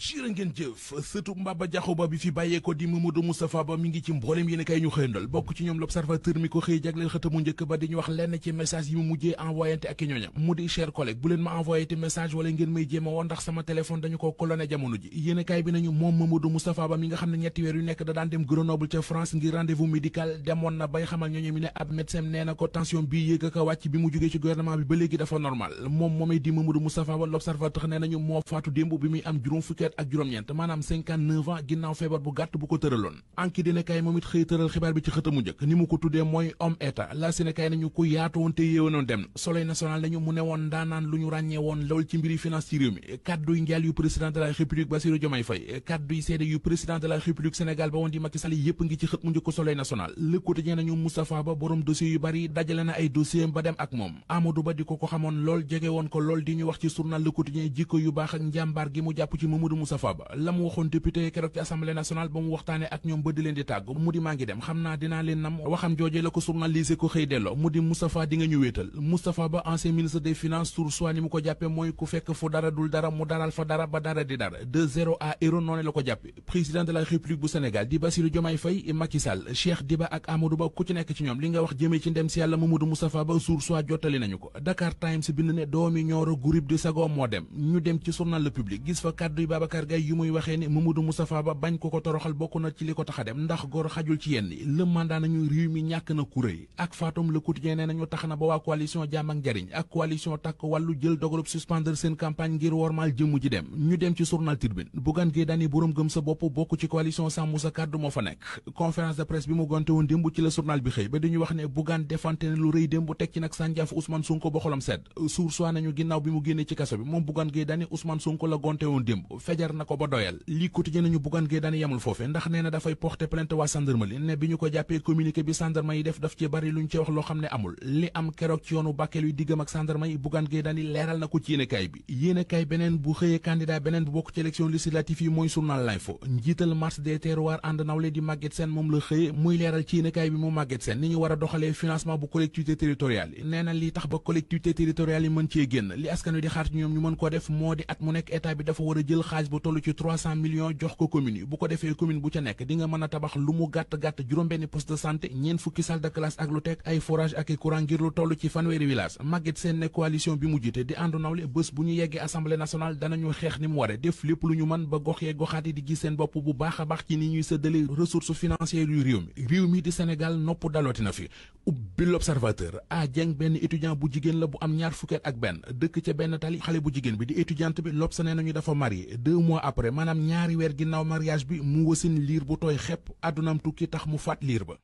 cirë ngeen jëf sëtu Mbaba Jaxu Ba bi fi bàyyee ko di Mamadou Moustapha Ba mi ngi ci mboolem yéen kay ñu xëyndal bokk ci ñoom mu di ñu wax lenn ma envoyé te message wala ngeen may jéema woon ndax sama téléphone dañu ko colonné jamono ji yéen bi nañu moom Mamadou Moustapha Ba mi nga xam ne ñetti weer yu nekk da daan dem Grenoble ca France ngir rendez médical demoon na bay xamal ñooñu mi ne ab médecin nee na ko tension bi mu fanweer ginnaaw feebar bu gàtt bu ko tëraloon anki dina moom it xëy tëral xibaar bi ci xëta mu ni mu ko tuddee mooy homme état la sine nañu ku yaatu te yéewanoon dem soleil national nañu mu ne woon ndaanaan lu ñu ràññee woon lool ci mbiri finance ci réew mi kàdduy njaal yu président de la république Bassirou Diomaye Faye kàdduy seede yu président de la république ba woon di Macky Sall yépp ngi ci xët mu njëkk soleil national Moustapha Ba la mu waxoon député keroog ci assemblée nationale ba mu waxtaane ak ñoom ba leen di tàggu mu di maa ngi dem xam naa dinaa leen nam waxam jooje la ko journaliste ko xëy delloo mu di Moustapha di ñu wéetal Moustapha Ba ancien ministre des finances sur soi mu ko jàppe mooy ku fekk fu dara dul dara mu daral fa dara ba dara di dara de zéro à héros noonu la ko jàppe président la république bu Sénégal di Bassirou Diomaye Faye Macky Sall di sago Babacar Gaye yu muy waxee ne Mamadou Moustapha Ba bañ ko ko toroxal bokk li ko tax a dem ndax góor xajul ci yenn yi le mandat nañu mi ñàkk na kuréy ak faatum le quotidien nee nañu tax na ba waa coalition jàmm ak njariñ ak coalition takk wàllu jël dogalub suspendre seen campagne ngir wormaal jëmm dem ñu dem ci journal Tribune Bougane Gueye Dany boroom gëm sa bopp bokk ci coalition sàmm sa kàddu moo nekk conférence de presse bi la journal bi xëy ba dañuy wax ne Bougane defante ne lu rëy démb teg ci nag sànjaaf ginnaaw bi mu génnee ci kaso bi moom Bougane Gueye Dany Ousmane Sonko la gonte woon démb fajar njiital marche des terroirs ànd nawle di Maguette Sène moom la xëyee muy leeral ci yéenekaay bi mu Maguette Sène ni ñu war a doxalee financement bu collectivité territoriale yi nee li tax ba collectivité territoriale yi mën cee génn li askan wi di xaar ci ñoom ñu mën ko def moo di at mu nekk état bi dafa war a jël xaalis xaalis bu toll ci 300 millions jox ko commune yi bu ko defee commune bu ca nekk di nga tabax lu mu gàtt-gàtt juróom-benn poste de santé ñeen fukki salle classe ak lu teg ay forage ak i courant ngir lu toll ci fanweeri village Maguette Sène ne coalition bi mu di àndu bés bu ñu yeggee assemblée nationale danañu xeex ni mu ware def lépp lu ñu mën ba gox yee di gis seen bopp bu baax a baax ci ni ñuy séddale ressources financières yu réew mi réew mi deux mois après maanaam ñaari weer ginnaaw mariage bi mu wasin liir bu tooy xepp àddunaam tukki tax mu faat liir ba